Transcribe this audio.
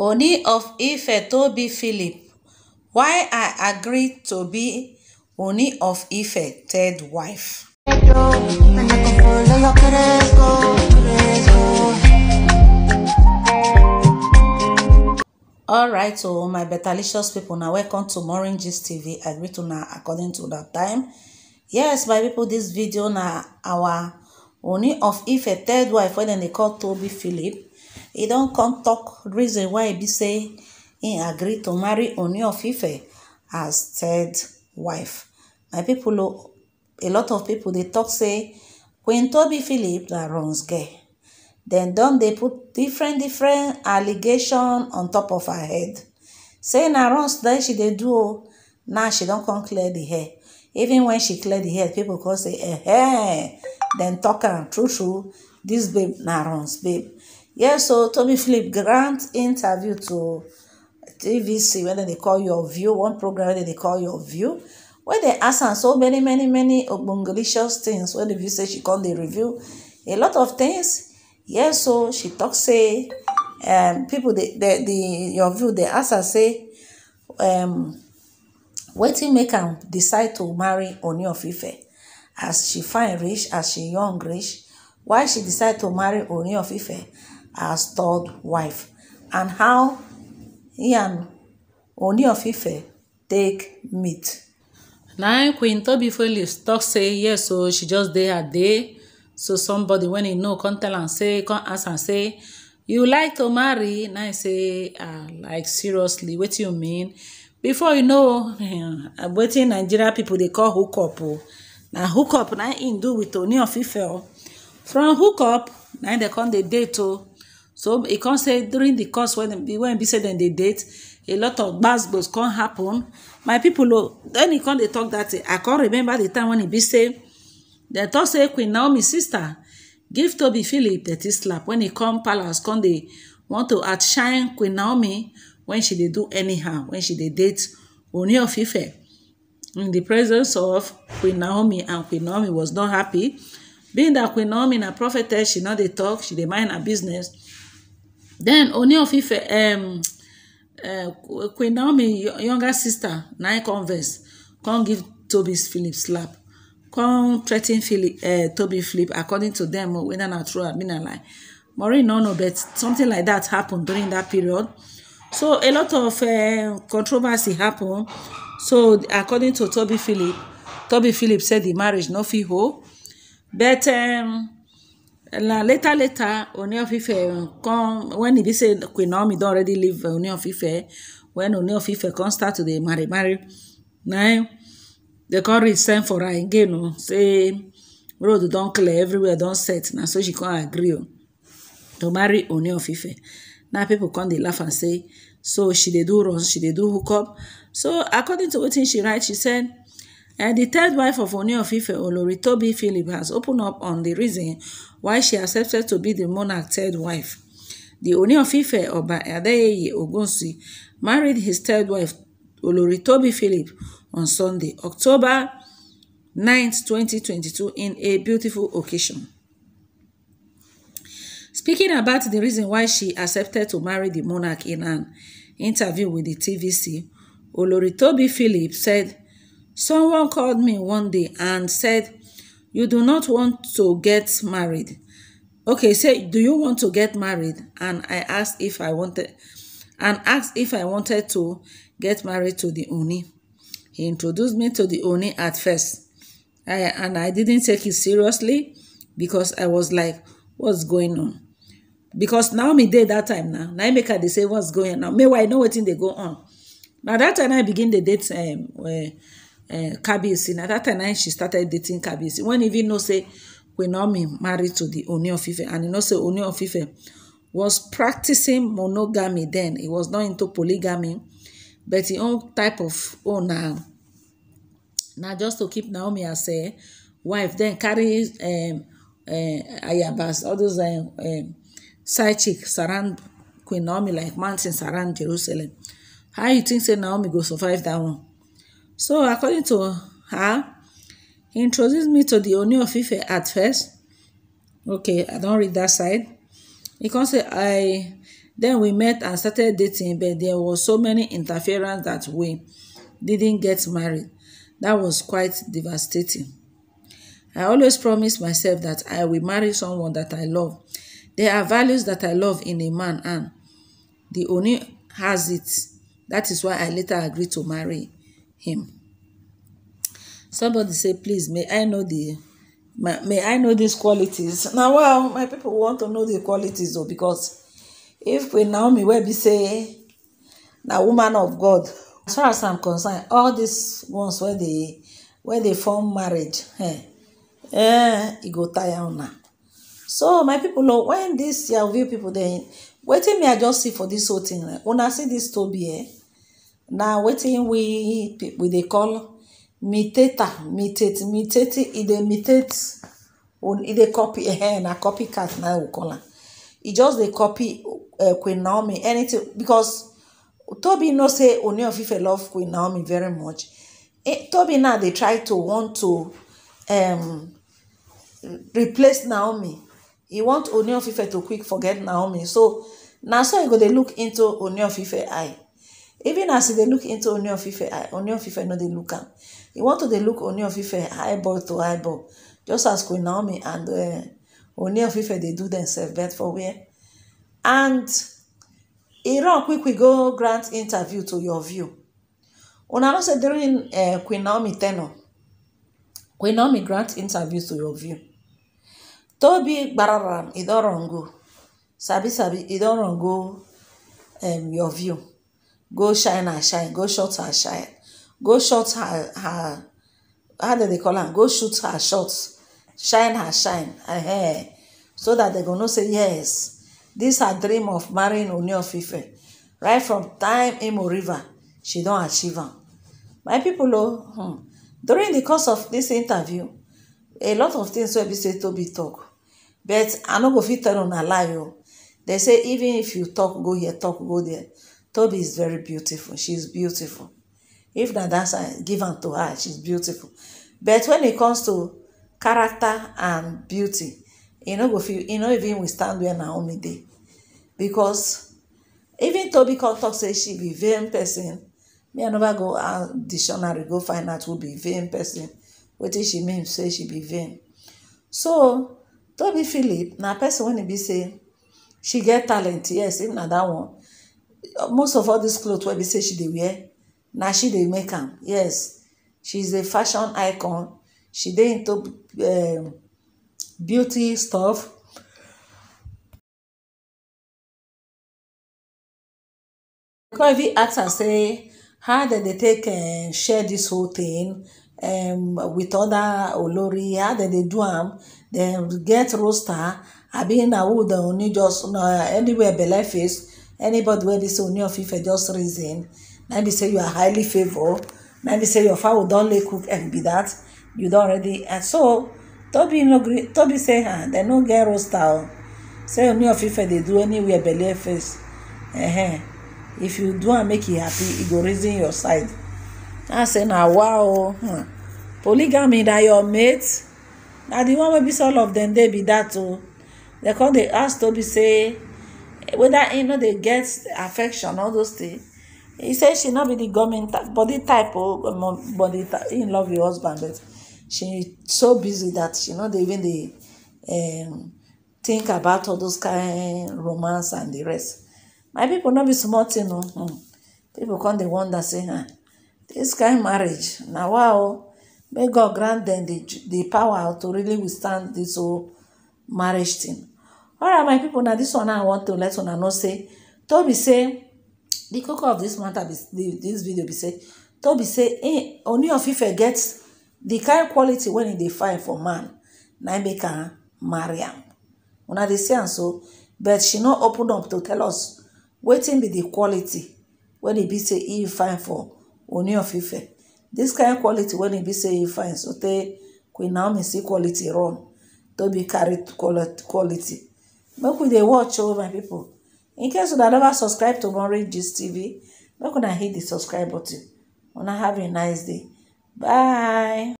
Ooni of Ife Toby Philip, why I agreed to be Ooni of Ife third wife. alright so oh, my betalicious people, now welcome to Maureen TV i greet now according to that time yes my people, this video now our Ooni of Ife third wife wey they call Toby Philip e don come talk reason why e be say im agree to marry oni of ife as third wife my people o a lot of people dey talk say queen tobi philip na runs girl dem don dey put different different allegation on top of her head say na runs Then she dey do o now she don come clear the hair even when she clear the hair people come say eh eh dem tok am true true this babe na runs babe Yes, so Tommy Philip grant interview to TVC when they call your view, one program when they call your view. When they ask her so many, many, many obungalicious things, when the view say she call the review, a lot of things. Yes, so she talks say, um, people the the the your view they ask her say, um, wetin make decide to marry Ooni as she fine rich as she young rich, why she decide to marry Ooni as third wife and how he and Ooni of Ife take meet. na im Queen Tobifolis tok say yes o she just dey her day so somebody wen e know come tell am say come ask am say you like to marry na I say ah like seriously wetin you mean before you know wetin Nigeria pipo dey call hook up o na hook up na im do with Ooni of Ife o from hook up na im dey come dey date o. so he can say during the course when be said dem the date a lot of gbasgbos can happen my pipo when he can they talk that i can't remember the time when he be say dem talk say queen naomi sister give toby philip dirty slap when he come palace Can they want to outshine queen naomi when she they do anyhow when she they date oni of ife in the presence of queen naomi and queen naomi was not happy being that queen naomi a prophetess she not they talk she demand mind her business then oni of Ife um, uh, Queen Naomi younger sister na im come vex come give Toby Philip slap come threa ten Philip uh, Tobi Philip according to dem o oh, whether na true abi na lie Maureen no know but something like that happen during that period so a lot of uh, controversy happen so according to Toby Philip Toby Philip say the marriage no fit hold but um, La later later Ooni of Ife come when e be say Queen Naomi don already leave Ooni of Ife when Ooni of Ife come start to dey marry marry na the come reach send for her again o oh. say road don clear everywhere don set na so she come agree o oh, to marry Ooni of Ife na people come dey laugh am say so she dey do runs she dey do hook up. so according to wetin she write she said Uh, the third wife of Oni of Ife, Oloritobi Philip, has opened up on the reason why she accepted to be the monarch's third wife. The Oni of Ife, Oba Adeyeye Ogunsi, married his third wife, Oloritobi Philip, on Sunday, October 9th, 2022, in a beautiful occasion. Speaking about the reason why she accepted to marry the monarch in an interview with the TVC, Oloritobi Philip said Someone called me one day and said, You do not want to get married. Okay, say, Do you want to get married? And I asked if I wanted and asked if I wanted to get married to the Oni. He introduced me to the Oni at first. I, and I didn't take it seriously because I was like, what's going on? Because now me day that time now. Now I make her they say what's going on. Now, meanwhile, I know what thing they go on. Now that time I begin the date um, where uh, eh, kabiyesi na that time na she started dating kabiyesi when even know say queen naomi marry to the oni of ife and you know say oni of ife was practicing monogamy then he was not into polygamy but his own type of own oh, na na just to keep naomi as a wife then carry um, uh, ayabas all those uh, um, side chick surround queen naomi like mountain surround jerusalem how you think say naomi go survive that one So, according to her, he introduced me to the Oni of Ife at first. Okay, I don't read that side. He Because I then we met and started dating, but there was so many interference that we didn't get married. That was quite devastating. I always promised myself that I will marry someone that I love. There are values that I love in a man, and the Oni has it. That is why I later agreed to marry him. Somebody say, please, may I know the may, may I know these qualities. Now, well, my people want to know the qualities though, because if Queen Naomi will be say, now woman of God, as far as I'm concerned, all these ones where they where they form marriage, eh, eh, e go tire una. So my people, know oh, when this Yahoo people then, waiting me I just see for this whole thing, When eh, I see this Toby, eh? na wetin we we dey call mutator mutate mutating e dey mutate e dey copy um na copy cat na we call am e just dey copy uh, Queen Naomi anything because Toby know say Ooni of love Queen Naomi very much e, eh, Tobi now dey try to want to um, replace Naomi He want Ooni of to quick forget Naomi so na so e go dey look into Ooni of Ife eye even as e dey look into oni of ife oni of ife no dey look am You want to dey look oni of ife eyeball to eyeball just as queen naomi and uh, eh, oni of ife dey do themselves bet for where and e run quick quick go grant interview to your view una know say during uh, queen naomi ten ure queen naomi grant interview to your view tobi gbararam e don run go sabi sabi e don run go um, your view go shine her shine go shoot her shine go shoot her her how do they call am go shoot her shot shine her shine her so that they're gonna say yes is her dream of marrying oni Fife, right from time imo river she don't achieve am my people, hmm, during the course of this interview a lot of things will be said to be talk, but i know go fit on a lie oh. They say even if you talk, go here talk, go there Toby is very beautiful. She's beautiful. If not, that's given to her, she's beautiful. But when it comes to character and beauty, you know, if you, you know, even we stand where Naomi day, because even Toby can talk say she be vain person. Me, I never go out uh, dictionary go find out who be vain person. What she mean? Say she be vain. So Toby Philip, na person when he be say she get talent. Yes, even na that one. most of all these clothes wey be say she dey wear na she dey make am yes she is a fashion icon she dey into um, beauty stuff i con even ask am say how dem dey take um, share this whole thing um, with other olori how dem dey do am dem get roaster abi na who dem only just na anywhere belle face anybody wey be say Ooni of Ife just raise him na be say you are highly favoured na be say your fowl don lay cook and be that you don already and so Tobi no gree Tobi say ah dem no get roaster o say Ooni of Ife dey do anywhere belle face uh-huh. if you do am make e happy e go reason your side na say na wa o polygamy na your mate na the one wey be say all of dem dey be that o oh. dem come dey ask Tobi say whether you know they get affection all those things He says she not be the government body type or oh, body type im love im husband but she so busy that she not even the um, think about all those kind romance and the rest my people not be smart, you oh, know. hmm. people come dey wonder say huh, ah, this kind marriage now wow oh, may god grant them the the power to really withstand this whole marriage thing alright my people. na this one i want to let una know say tobi say the koko of this matter this video be say tobi say eh oni of ife get the kind quality wey he dey find for man na im make am marry am una dey see am so but she no open up to tell us wetin be the quality wey he e be say he find for oni of ife dis kind quality wey he e be say he find so tey queen naomi see quality run tobi carry quality make we dey watch o oh, my pipo in case una never subscribe to Morning Gist tv make una hit the subscribe button una have a nice day bye